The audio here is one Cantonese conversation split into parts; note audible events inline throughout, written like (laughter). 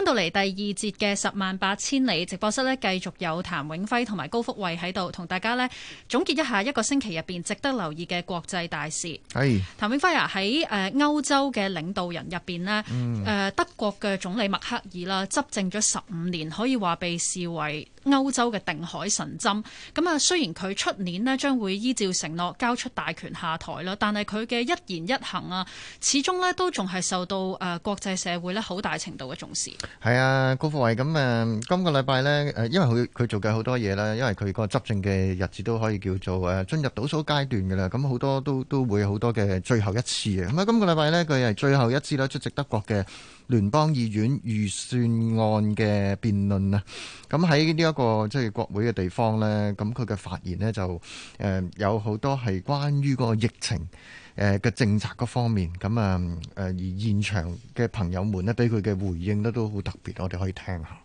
翻到嚟第二節嘅十萬八千里直播室呢，繼續有譚永輝同埋高福慧喺度同大家呢，總結一下一個星期入面值得留意嘅國際大事。係譚永輝啊，喺誒歐洲嘅領導人入面，呢、嗯、德國嘅總理默克爾啦，執政咗十五年，可以話被視為歐洲嘅定海神針。咁啊，雖然佢出年呢將會依照承諾交出大權下台啦，但係佢嘅一言一行啊，始終呢都仲係受到誒國際社會呢好大程度嘅重視。係啊，高富慧咁誒、嗯，今個禮拜呢，誒，因為佢佢做緊好多嘢啦，因為佢個執政嘅日子都可以叫做誒進入倒數階段㗎喇，咁好多都都會好多嘅最後一次啊！咁、嗯、啊，今個禮拜呢，佢係最後一次啦出席德國嘅聯邦議院預算案嘅辯論啦。咁喺呢一個即係、就是、國會嘅地方呢，咁佢嘅發言呢，就、嗯、誒有好多係關於個疫情。誒嘅政策嗰方面，咁啊誒而現場嘅朋友們咧，俾佢嘅回應咧都好特別，我哋可以聽下。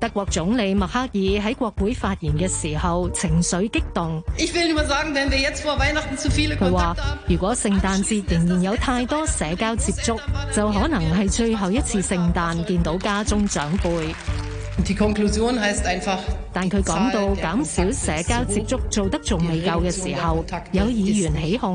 德國總理默克爾喺國會發言嘅時候情緒激動，佢話：如果聖誕節仍然有太多社交接觸，就可能係最後一次聖誕見到家中長輩。但佢講到減少社交接觸做得仲未夠嘅時候，有議員起鬨。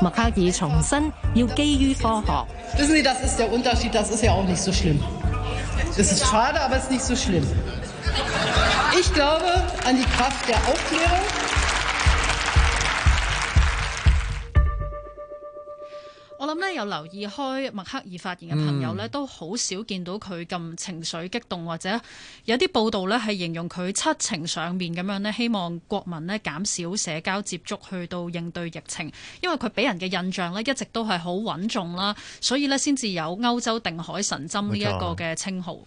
默克爾重新要基於科學。有留意開默克爾發言嘅朋友咧，都好少見到佢咁情緒激動，嗯、或者有啲報道咧係形容佢七情上面。咁咧，希望國民咧減少社交接觸去到應對疫情，因為佢俾人嘅印象咧一直都係好穩重啦，所以咧先至有歐洲定海神針呢一個嘅稱號。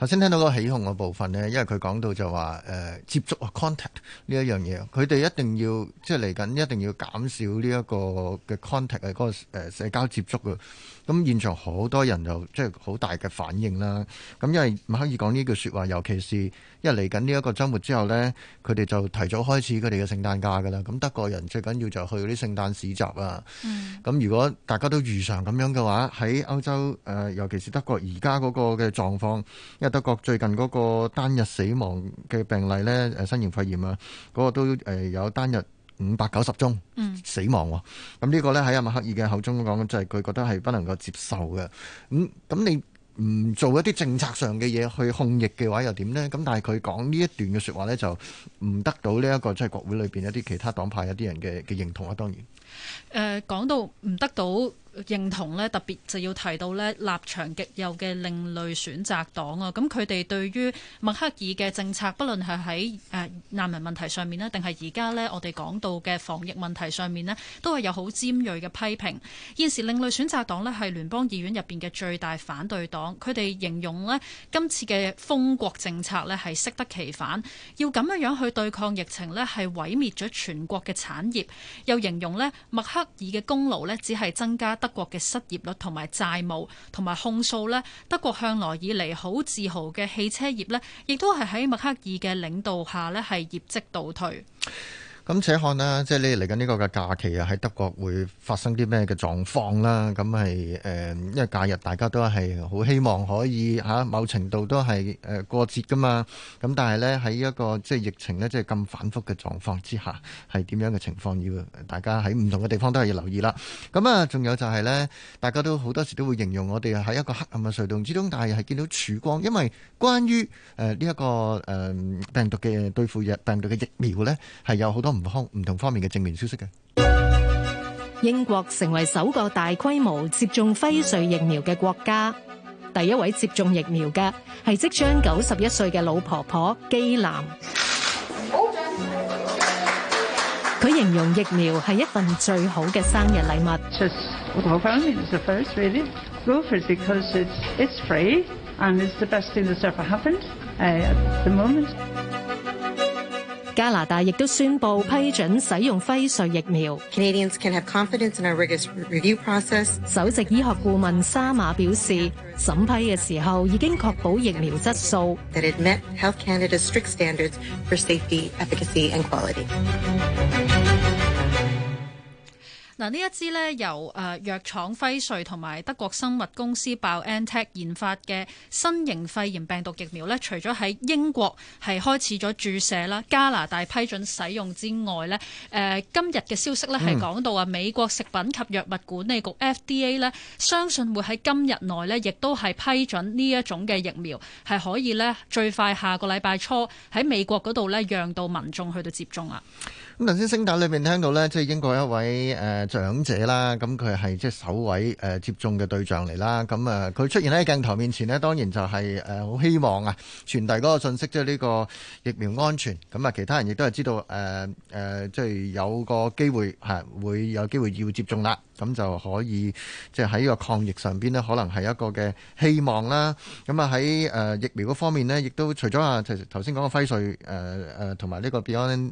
頭先聽到個起哄嘅部分呢，因為佢講到就話誒、呃、接觸啊 contact 呢一樣嘢，佢哋一定要即係嚟緊一定要減少呢一個嘅 contact 啊，嗰個社交接觸嘅。咁現場好多人就即係好大嘅反應啦。咁因為默克爾講呢句説話，尤其是因為嚟緊呢一個周末之後呢，佢哋就提早開始佢哋嘅聖誕假㗎啦。咁德國人最緊要就去嗰啲聖誕市集啊。咁、嗯、如果大家都如常咁樣嘅話，喺歐洲誒、呃，尤其是德國而家嗰個嘅狀況。德國最近嗰個單日死亡嘅病例咧，誒，新型肺炎啊，嗰、那個都誒有單日五百九十宗，嗯、死亡喎。咁呢個咧喺阿默克爾嘅口中講，就係、是、佢覺得係不能夠接受嘅。咁咁你唔做一啲政策上嘅嘢去控疫嘅話，又點呢？咁但係佢講呢一段嘅説話咧、這個，就唔得到呢一個即係國會裏邊一啲其他黨派一啲人嘅嘅認同啊。當然，誒、呃、講到唔得到。認同咧，特別就要提到咧，立場極右嘅另類選擇黨啊，咁佢哋對於默克爾嘅政策，不論係喺誒難民問題上面咧，定係而家咧我哋講到嘅防疫問題上面咧，都係有好尖鋭嘅批評。現時另類選擇黨咧係聯邦議院入邊嘅最大反對黨，佢哋形容咧今次嘅封國政策咧係適得其反，要咁樣樣去對抗疫情咧係毀滅咗全國嘅產業，又形容咧默克爾嘅功勞咧只係增加得。德國嘅失業率同埋債務同埋控訴呢，德國向來以嚟好自豪嘅汽車業呢，亦都係喺默克爾嘅領導下呢，係業績倒退。咁且看啦，即係你嚟緊呢個嘅假期啊，喺德國會發生啲咩嘅狀況啦？咁係誒，因為假日大家都係好希望可以吓、啊、某程度都係誒過節噶嘛。咁但係咧喺一個即係疫情咧即係咁反覆嘅狀況之下，係點樣嘅情況要大家喺唔同嘅地方都係要留意啦。咁啊，仲有就係咧，大家都好多時都會形容我哋喺一個黑暗嘅隧道之中，但係係見到曙光，因為關於誒呢一個誒、呃、病毒嘅對付藥、病毒嘅疫苗咧，係有好多。唔唔同方面嘅正面消息嘅。英國成為首個大規模接種輝瑞疫苗嘅國家，第一位接種疫苗嘅係即將九十一歲嘅老婆婆基南。佢形容疫苗係一份最好嘅生日禮物。加拿大亦都宣布批准使用輝瑞疫苗。Canadians can have confidence in our rigorous review process. 首席醫學顧問沙馬表示，審批嘅時候已經確保疫苗質素。That it met Health Canada's strict standards for safety, efficacy and quality. 嗱，呢一支咧由誒藥廠輝瑞同埋德國生物公司 BioNTech 研發嘅新型肺炎病毒疫苗咧，除咗喺英國係開始咗注射啦，加拿大批准使用之外咧，誒今日嘅消息咧係講到話美國食品及藥物管理局 FDA 咧，相信會喺今日內咧，亦都係批准呢一種嘅疫苗係可以咧最快下個禮拜初喺美國嗰度咧，讓到民眾去到接種啊、嗯！咁頭先聲帶裏面聽到呢即係英國一位誒，呃長者啦，咁佢係即係首位接種嘅對象嚟啦。咁佢出現喺鏡頭面前呢，當然就係好希望啊，傳遞嗰個信息，即係呢個疫苗安全。咁啊，其他人亦都係知道誒即係有個機會嚇，會有機會要接種啦。咁就可以即係喺個抗疫上邊呢，可能係一個嘅希望啦。咁啊，喺疫苗嗰方面呢，亦都除咗啊，頭先講嘅輝瑞誒同埋呢個 BioNTech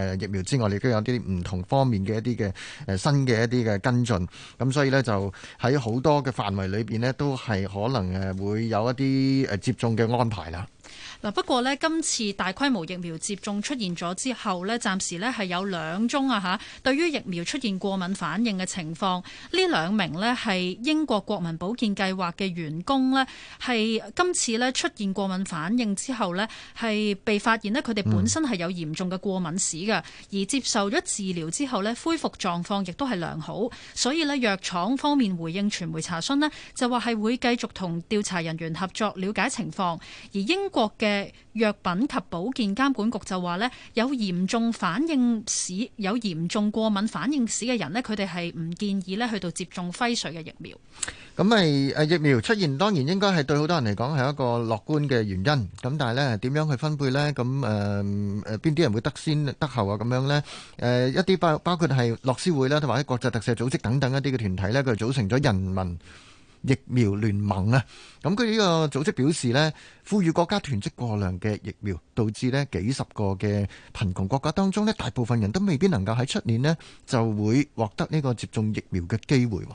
嘅疫苗之外，亦都有啲唔同方面嘅一啲嘅。誒新嘅一啲嘅跟進，咁所以咧就喺好多嘅範圍裏邊呢，都係可能誒會有一啲誒接種嘅安排啦。嗱，不過呢今次大規模疫苗接種出現咗之後呢，暫時呢係有兩宗啊嚇。對於疫苗出現過敏反應嘅情況，呢兩名呢係英國國民保健計劃嘅員工呢係今次呢出現過敏反應之後呢係被發現呢佢哋本身係有嚴重嘅過敏史㗎，而接受咗治療之後呢恢復狀況亦都係良好。所以呢藥廠方面回應傳媒查詢呢就話係會繼續同調查人員合作了解情況，而英國嘅。誒，藥品及保健監管局就話呢，有嚴重反應史，有嚴重過敏反應史嘅人呢，佢哋係唔建議呢去到接種輝瑞嘅疫苗。咁咪疫苗出現當然應該係對好多人嚟講係一個樂觀嘅原因。咁但係呢點樣去分配呢？咁誒邊啲人會得先得後啊？咁樣呢，誒，一啲包包括係律師會啦，同埋國際特赦組織等等一啲嘅團體呢，佢哋組成咗人民疫苗聯盟啊，咁佢呢個組織表示呢，富裕國家囤積過量嘅疫苗，導致呢幾十個嘅貧窮國家當中呢大部分人都未必能夠喺出年呢就會獲得呢個接種疫苗嘅機會。咁、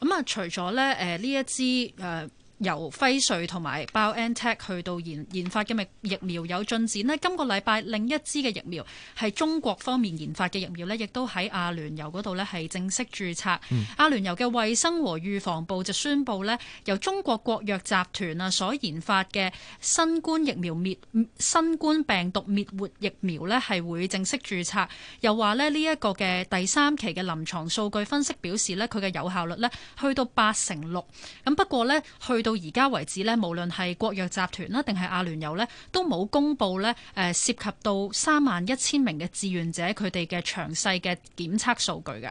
嗯、啊，除咗呢誒呢一支誒。呃由輝瑞同埋包 a n t 去到研研發嘅日疫苗有進展咧，今個禮拜另一支嘅疫苗係中國方面研發嘅疫苗咧，亦都喺阿聯酋嗰度咧係正式註冊，嗯，阿聯酋嘅衛生和預防部就宣布咧，由中國國藥集團啊所研發嘅新冠疫苗滅新冠病毒滅活疫苗咧係會正式註冊，又話咧呢一個嘅第三期嘅臨床數據分析表示咧佢嘅有效率咧去到八成六。咁不過咧去到到而家為止呢無論係國藥集團啦，定係阿聯酋呢，都冇公布呢誒涉及到三萬一千名嘅志願者佢哋嘅詳細嘅檢測數據嘅。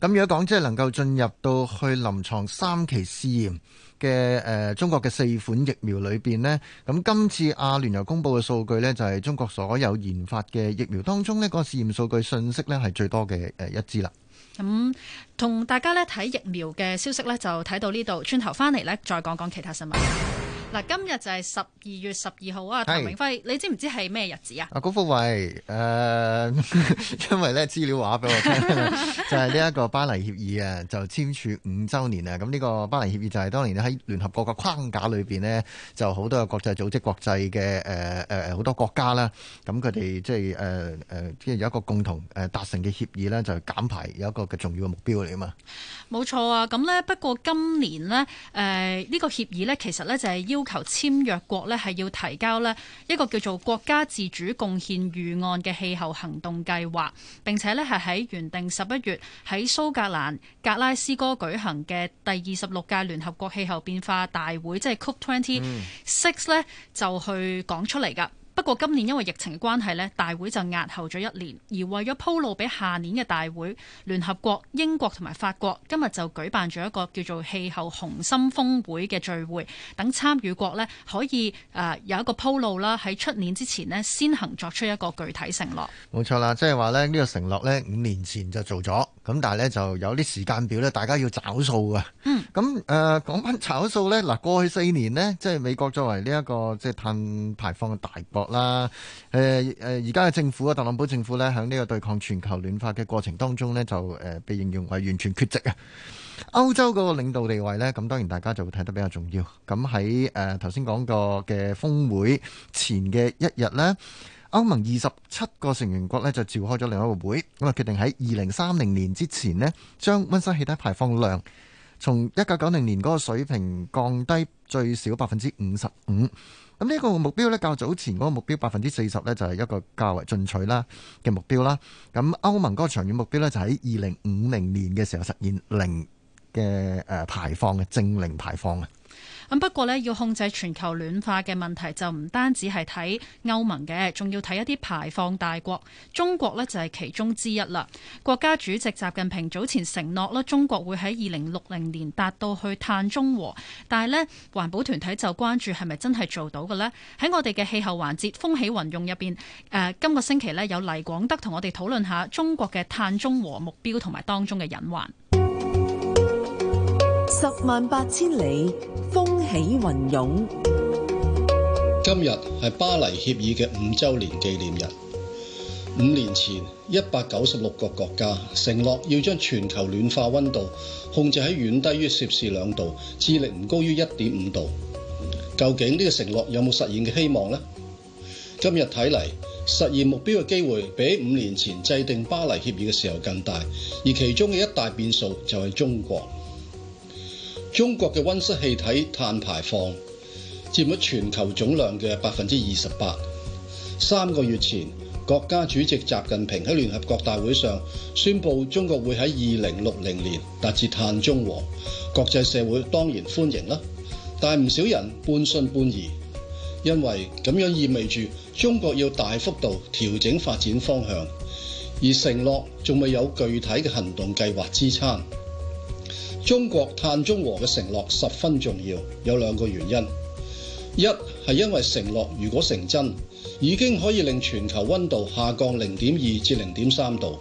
咁如果講即係能夠進入到去臨床三期試驗嘅誒、呃，中國嘅四款疫苗裏邊呢，咁今次阿聯酋公布嘅數據呢，就係中國所有研發嘅疫苗當中呢個試驗數據信息呢係最多嘅誒一支啦。咁、嗯、同大家呢睇疫苗嘅消息呢，就睇到呢度，轉頭翻嚟呢，再講講其他新聞。嗱，今日就係十二月十二號啊，唐永輝，你知唔知係咩日子啊？啊，高福偉，誒、呃，因為咧資料話俾我聽， (laughs) 就係呢一個巴黎協議啊，就簽署五周年啊。咁呢個巴黎協議就係當年咧喺聯合國嘅框架裏邊咧，就好多嘅國際組織、國際嘅誒誒誒好多國家啦。咁佢哋即係誒誒，即、呃、係、就是、有一個共同誒達成嘅協議咧，就係減排有一個嘅重要嘅目標嚟啊嘛。冇錯啊，咁咧不過今年咧，誒、呃、呢、這個協議咧，其實咧就係要。要求簽約國咧係要提交咧一個叫做國家自主貢獻預案嘅氣候行動計劃，並且咧係喺原定十一月喺蘇格蘭格拉斯哥舉行嘅第二十六屆聯合國氣候變化大會，即係 COP Twenty Six 咧就去講出嚟噶。不過今年因為疫情嘅關係呢，大會就押後咗一年，而為咗鋪路俾下年嘅大會，聯合國、英國同埋法國今日就舉辦咗一個叫做氣候雄心峰會嘅聚會，等參與國呢，可以誒有一個鋪路啦，喺出年之前呢，先行作出一個具體承諾。冇錯啦，即係話呢呢個承諾呢，五年前就做咗。咁但係咧就有啲時間表咧，大家要找數啊、嗯嗯！咁誒講翻找數咧，嗱過去四年呢，即係美國作為呢一個即係碳排放嘅大國啦，誒而家嘅政府啊，特朗普政府咧，喺呢個對抗全球暖化嘅過程當中咧，就被形容為完全缺席啊！歐洲嗰個領導地位咧，咁當然大家就會睇得比較重要。咁喺誒頭先講過嘅峰會前嘅一日咧。歐盟二十七個成員國咧就召開咗另一個會，咁啊決定喺二零三零年之前咧，將溫室氣體排放量從一九九零年嗰個水平降低最少百分之五十五。咁呢個目標咧，較早前嗰個目標百分之四十呢，就係一個較為進取啦嘅目標啦。咁歐盟嗰個長遠目標呢，就喺二零五零年嘅時候實現零嘅誒排放嘅正零排放嘅。咁、嗯、不過咧，要控制全球暖化嘅問題就唔單止係睇歐盟嘅，仲要睇一啲排放大國。中國呢，就係、是、其中之一啦。國家主席習近平早前承諾咧，中國會喺二零六零年達到去碳中和，但係咧環保團體就關注係咪真係做到嘅呢？喺我哋嘅氣候環節風起雲湧入邊，誒、呃，今個星期咧有黎廣德同我哋討論下中國嘅碳中和目標同埋當中嘅隱患。十萬八千里，風起雲湧。今日係巴黎協議嘅五周年紀念日。五年前，一百九十六個國家承諾要將全球暖化溫度控制喺遠低於攝氏兩度，致力唔高於一點五度。究竟呢個承諾有冇實現嘅希望呢？今日睇嚟，實現目標嘅機會比五年前制定巴黎協議嘅時候更大，而其中嘅一大變數就係中國。中國嘅温室氣體碳排放佔咗全球總量嘅百分之二十八。三個月前，國家主席習近平喺聯合國大會上宣布中國會喺二零六零年達至碳中和，國際社會當然歡迎啦。但唔少人半信半疑，因為咁樣意味住中國要大幅度調整發展方向，而承諾仲未有具體嘅行動計劃支撐。中國碳中和嘅承諾十分重要，有兩個原因：一係因為承諾如果成真，已經可以令全球溫度下降零點二至零點三度；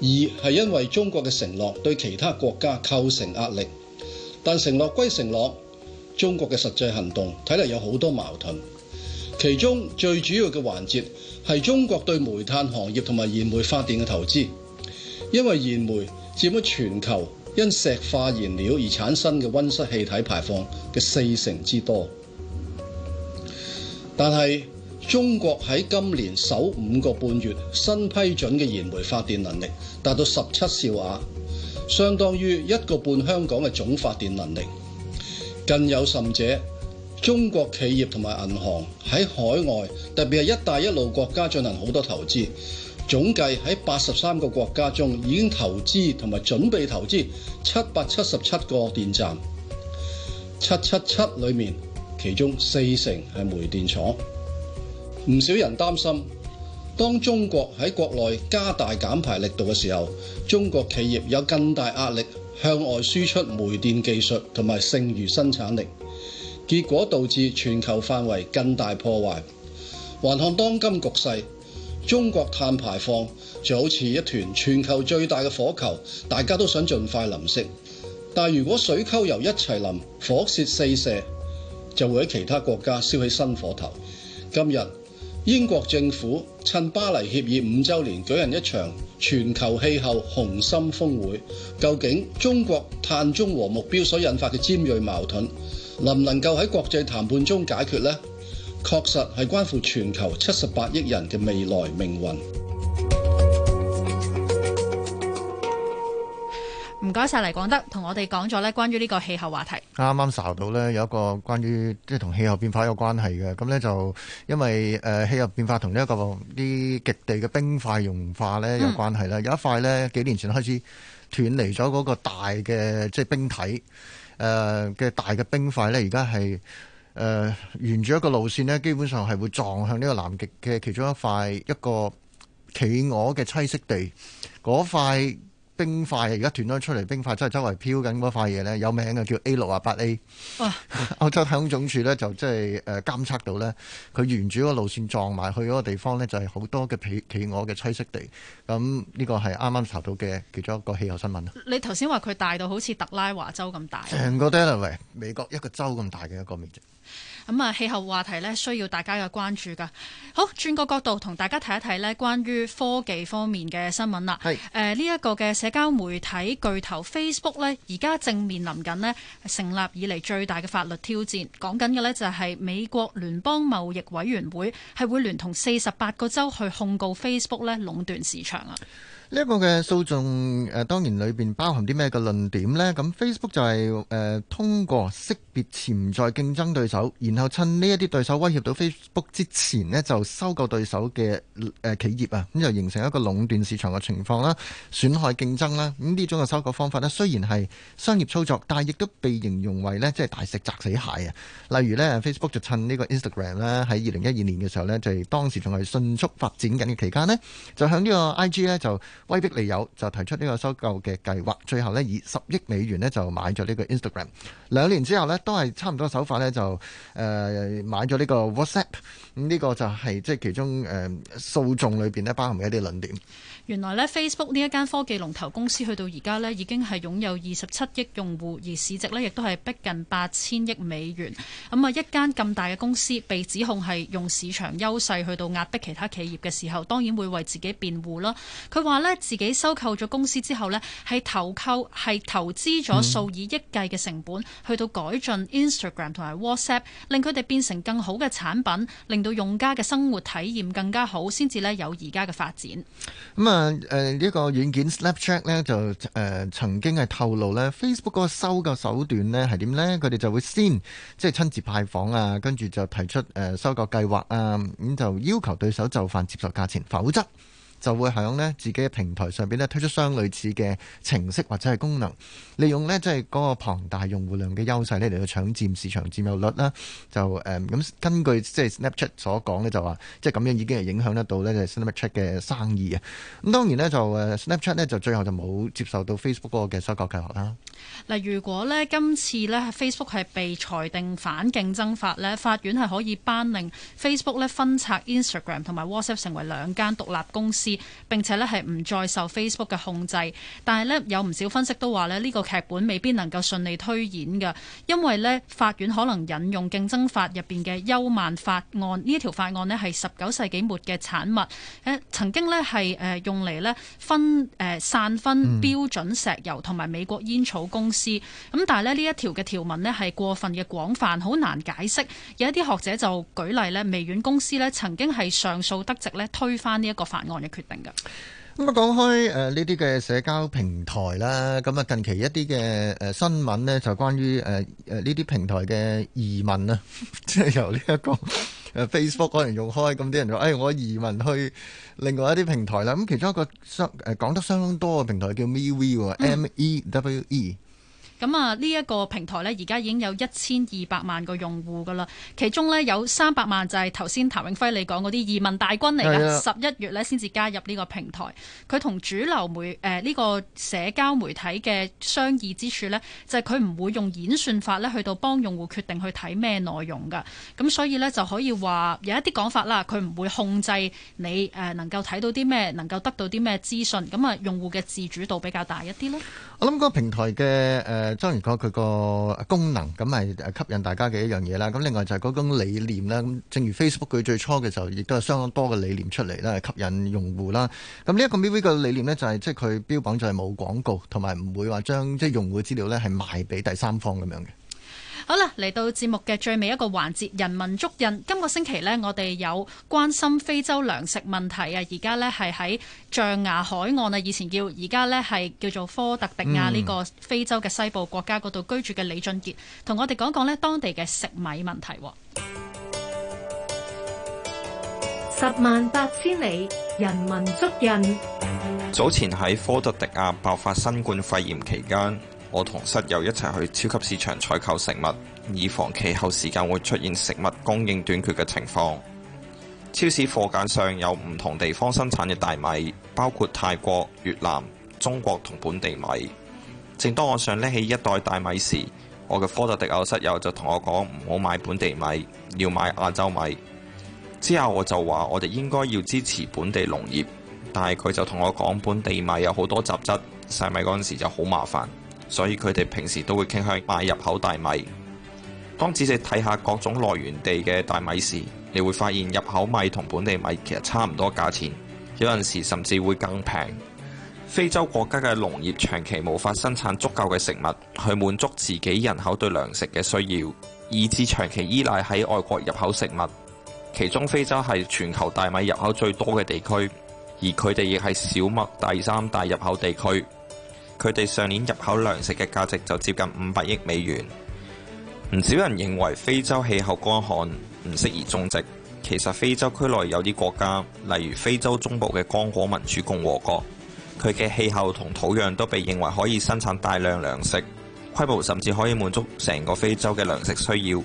二係因為中國嘅承諾對其他國家構成壓力。但承諾歸承諾，中國嘅實際行動睇嚟有好多矛盾。其中最主要嘅環節係中國對煤炭行業同埋燃煤發電嘅投資，因為燃煤佔咗全球。因石化燃料而產生嘅溫室氣體排放嘅四成之多，但係中國喺今年首五個半月新批准嘅燃煤發電能力達到十七兆瓦，相當於一個半香港嘅總發電能力。更有甚者，中國企業同埋銀行喺海外，特別係一帶一路國家，進行好多投資。總計喺八十三個國家中，已經投資同埋準備投資七百七十七個電站，七七七裏面，其中四成係煤電廠。唔少人擔心，當中國喺國內加大減排力度嘅時候，中國企業有更大壓力向外輸出煤電技術同埋剩餘生產力，結果導致全球範圍更大破壞。還看當今局勢。中國碳排放就好似一團全球最大嘅火球，大家都想盡快淋熄。但如果水溝油一齊淋，火舌四射，就會喺其他國家燒起新火頭。今日英國政府趁巴黎協議五周年，舉行一場全球氣候雄心峰會。究竟中國碳中和目標所引發嘅尖銳矛盾，能唔能夠喺國際談判中解決呢？確實係關乎全球七十八億人嘅未來命運。唔該晒，黎廣德同我哋講咗呢關於呢個氣候話題。啱啱查到呢，有一個關於即係同氣候變化有關係嘅，咁呢，就因為誒、呃、氣候變化同呢一個啲極地嘅冰塊融化呢有關係啦、嗯。有一塊呢，幾年前開始斷離咗嗰個大嘅即係冰體，誒、呃、嘅大嘅冰塊呢，而家係。誒、呃、沿住一個路線呢，基本上係會撞向呢個南極嘅其中一塊，一個企鵝嘅棲息地，嗰塊。冰塊而家斷咗出嚟，冰塊即係周圍漂緊嗰塊嘢咧，有名嘅叫 A 六啊八 A。哇！ (laughs) 歐洲太空總署咧就即係誒監測到咧，佢沿住嗰路線撞埋去嗰個地方咧，就係、是、好多嘅企企鵝嘅棲息地。咁呢個係啱啱查到嘅，其中一個氣候新聞啦。你頭先話佢大到好似特拉華州咁大，成個 Delaware 美國一個州咁大嘅一個面積。咁啊，氣候話題咧需要大家嘅關注㗎。好，轉個角度同大家睇一睇呢關於科技方面嘅新聞啦。係誒呢一個嘅。社交媒體巨頭 Facebook 咧，而家正面臨緊呢成立以嚟最大嘅法律挑戰。講緊嘅呢，就係美國聯邦貿易委員會係會聯同四十八個州去控告 Facebook 咧壟斷市場啊！呢、這個個嘅訴訟誒，當然裏面包含啲咩嘅論點呢？咁 Facebook 就係、是呃、通過識別潛在競爭對手，然後趁呢一啲對手威脅到 Facebook 之前呢就收購對手嘅、呃、企業啊，咁、嗯、就形成一個壟斷市場嘅情況啦，損害競爭啦、啊。咁、嗯、呢種嘅收購方法呢，雖然係商業操作，但係亦都被形容為呢，即係大石砸死蟹啊。例如呢、嗯、Facebook 就趁呢個 Instagram 呢、啊，喺二零一二年嘅時候呢，就係當時仲係迅速發展緊嘅期間呢，就喺呢個 IG 呢。就。威逼利誘就提出呢個收購嘅計劃，最後呢以十億美元呢就買咗呢個 Instagram。兩年之後呢都係差唔多手法呢就誒、呃、買咗呢個 WhatsApp。咁呢個就係即係其中誒、呃、訴訟裏邊呢包含嘅一啲論點。原來 Facebook 呢一間科技龍頭公司去到而家已經係擁有二十七億用戶，而市值呢亦都係逼近八千億美元。咁啊，一間咁大嘅公司被指控係用市場優勢去到壓迫其他企業嘅時候，當然會為自己辯護啦。佢話呢，自己收購咗公司之後呢，係投購係投資咗數以億計嘅成本，去到改進 Instagram 同埋 WhatsApp，令佢哋變成更好嘅產品，令到用家嘅生活體驗更加好，先至呢有而家嘅發展。嗯啊、呃！呢、這個軟件 Snapchat 呢就誒、呃、曾經係透露呢，Facebook 嗰個收購手段呢係點呢？佢哋就會先即係、就是、親自派訪啊，跟住就提出誒、呃、收購計劃啊，咁、嗯、就要求對手就範接受價錢，否則，就會喺咧自己嘅平台上邊咧推出相類似嘅程式或者係功能，利用呢即係嗰個龐大用戶量嘅優勢咧嚟到搶佔市場佔有率啦。就誒咁、嗯、根據即係 Snapchat 所講咧就話即係咁樣已經係影響得到咧 Snapchat 嘅生意啊。咁當然咧就 Snapchat 咧就最後就冇接受到 Facebook 嗰個嘅收購計劃啦。嗱，如果咧今次咧 Facebook 係被裁定反競爭法咧，法院係可以頒令 Facebook 咧分拆 Instagram 同埋 WhatsApp 成為兩間獨立公司。並且咧係唔再受 Facebook 嘅控制，但係咧有唔少分析都話咧呢個劇本未必能夠順利推演嘅，因為咧法院可能引用競爭法入邊嘅休曼法案呢一條法案呢，係十九世紀末嘅產物，誒曾經咧係誒用嚟咧分誒散分標準石油同埋美國煙草公司，咁但係咧呢一條嘅條文呢，係過分嘅廣泛，好難解釋。有一啲學者就舉例咧微軟公司咧曾經係上訴得直，咧推翻呢一個法案嘅。決定噶。咁啊，講開誒，呢啲嘅社交平台啦，咁啊，近期一啲嘅誒新聞呢，就關於誒誒呢啲平台嘅移民啦，即係由呢一個誒 Facebook 可能用開，咁啲人就誒我移民去另外一啲平台啦。咁其中一個相誒講得相當多嘅平台叫 MeWe，M E W E。咁啊，呢一個平台咧，而家已經有一千二百萬個用戶噶啦，其中咧有三百萬就係頭先譚永輝你講嗰啲移民大軍嚟噶，十一月咧先至加入呢個平台。佢同主流媒誒呢、呃呢個社交媒體嘅相異之處呢，就係佢唔會用演算法咧去到幫用戶決定去睇咩內容噶。咁所以呢，就可以話有一啲講法啦，佢唔會控制你能夠睇到啲咩，能夠得到啲咩資訊。咁啊，用戶嘅自主度比較大一啲咯。我諗嗰個平台嘅誒、呃，周如講佢個功能，咁係吸引大家嘅一樣嘢啦。咁另外就係嗰種理念啦。咁正如 Facebook 佢最初嘅時候，亦都有相當多嘅理念出嚟啦，吸引用戶啦。咁呢一個 MV 嘅理念呢、就是，就係即係佢標榜就係冇廣告，同埋唔會話將即係用戶資料呢係賣俾第三方咁樣嘅。好啦，嚟到節目嘅最尾一個環節，《人文足印》。今個星期呢，我哋有關心非洲糧食問題啊，而家呢，係喺象牙海岸啊，以前叫而家呢，係叫做科特迪亞呢個非洲嘅西部國家嗰度居住嘅李俊杰，同、嗯、我哋講講呢當地嘅食米問題。十萬八千里，人文足印。早前喺科特迪亞爆發新冠肺炎期間，我同室友一齊去超級市場採購食物，以防其後時間會出現食物供應短缺嘅情況。超市貨架上有唔同地方生產嘅大米，包括泰國、越南、中國同本地米。正當我想拎起一袋大米時，我嘅科特迪瓦室友就同我講唔好買本地米，要買亞洲米。之後我就話我哋應該要支持本地農業，但係佢就同我講本地米有好多雜質，洗米嗰陣時就好麻煩。所以佢哋平時都會傾向買入口大米。當仔細睇下各種來源地嘅大米時，你會發現入口米同本地米其實差唔多價錢，有陣時甚至會更平。非洲國家嘅農業長期無法生產足夠嘅食物，去滿足自己人口對糧食嘅需要，以至長期依賴喺外國入口食物。其中非洲係全球大米入口最多嘅地區，而佢哋亦係小麥第三大入口地區。佢哋上年入口糧食嘅價值就接近五百億美元，唔少人認為非洲氣候乾旱，唔適宜種植。其實非洲區內有啲國家，例如非洲中部嘅剛果民主共和國，佢嘅氣候同土壤都被認為可以生產大量糧食，規模甚至可以滿足成個非洲嘅糧食需要。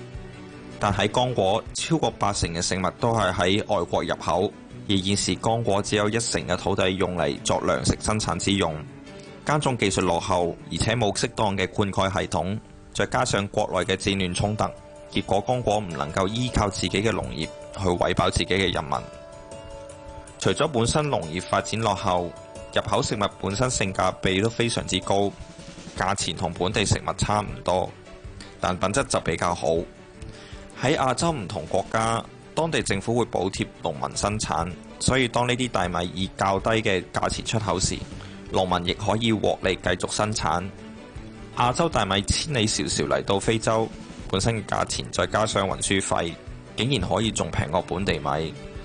但喺剛果，超過八成嘅食物都係喺外國入口，而現時剛果只有一成嘅土地用嚟作糧食生產之用。耕種技術落後，而且冇適當嘅灌溉系統，再加上國內嘅戰亂衝突，結果剛果唔能夠依靠自己嘅農業去餵飽自己嘅人民。除咗本身農業發展落後，入口食物本身性價比都非常之高，價錢同本地食物差唔多，但品質就比較好。喺亞洲唔同國家，當地政府會補貼農民生產，所以當呢啲大米以較低嘅價錢出口時，農民亦可以獲利繼續生產。亞洲大米千里迢迢嚟到非洲，本身嘅價錢再加上運輸費，竟然可以仲平過本地米。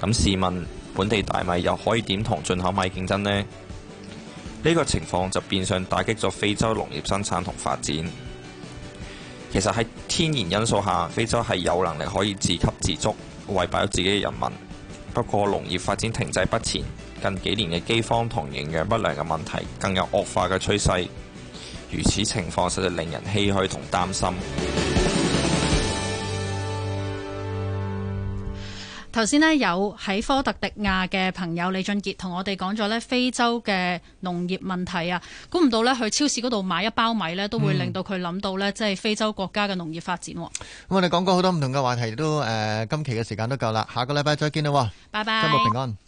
咁試問，本地大米又可以點同進口米競爭呢？呢個情況就變相打擊咗非洲農業生產同發展。其實喺天然因素下，非洲係有能力可以自給自足，餵飽自己嘅人民。不過農業發展停滯不前。近幾年嘅饑荒同營養不良嘅問題更有惡化嘅趨勢，如此情況實在令人唏噓同擔心。頭先咧有喺科特迪亞嘅朋友李俊杰同我哋講咗咧非洲嘅農業問題啊，估唔到咧去超市嗰度買一包米咧都會令他想到佢諗到咧即係非洲國家嘅農業發展。嗯、我哋講過好多唔同嘅話題，都誒今期嘅時間都夠啦，下個禮拜再見啦，拜拜，週末平安。